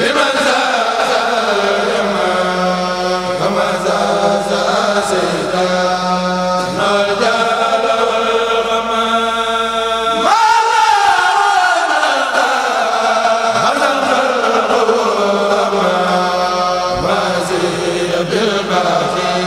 bil baaxi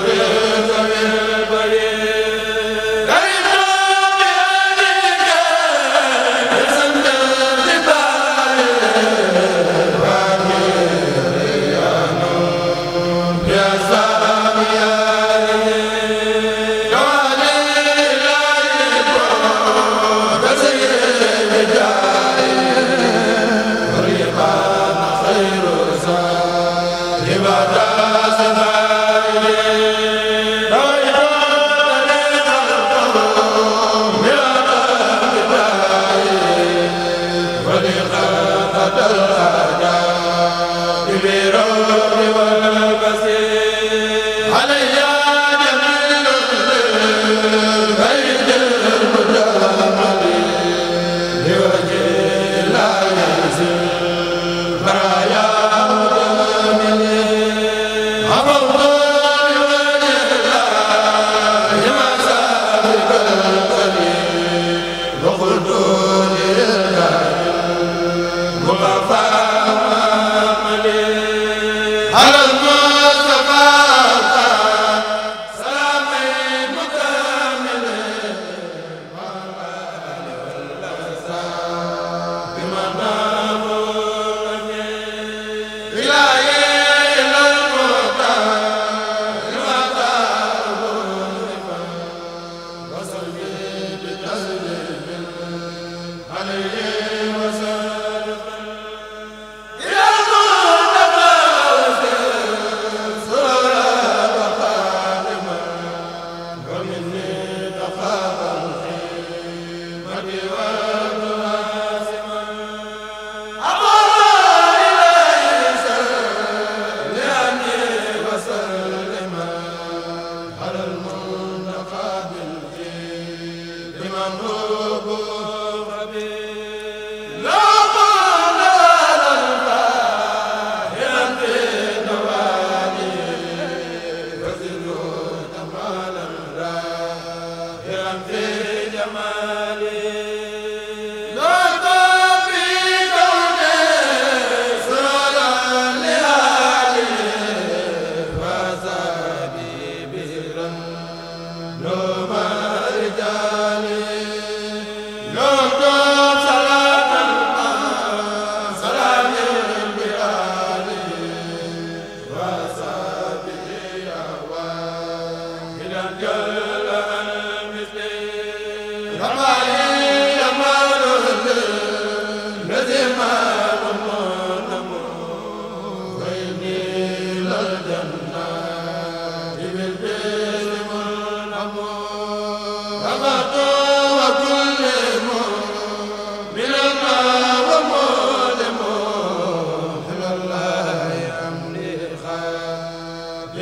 xadal عليه am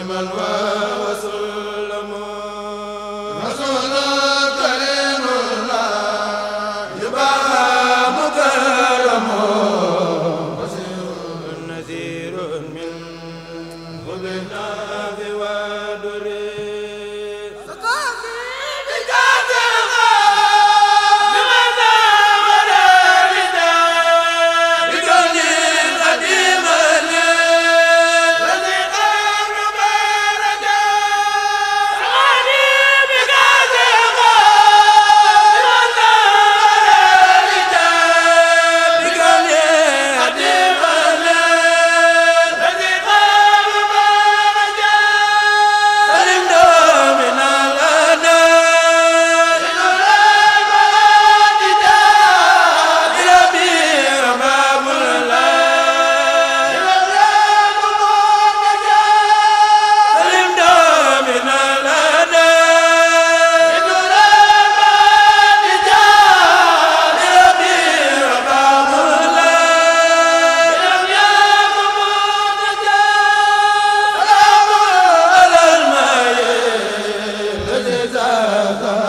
man wa wasallam za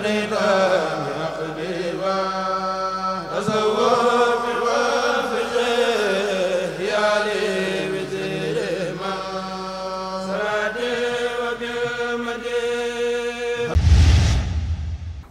wa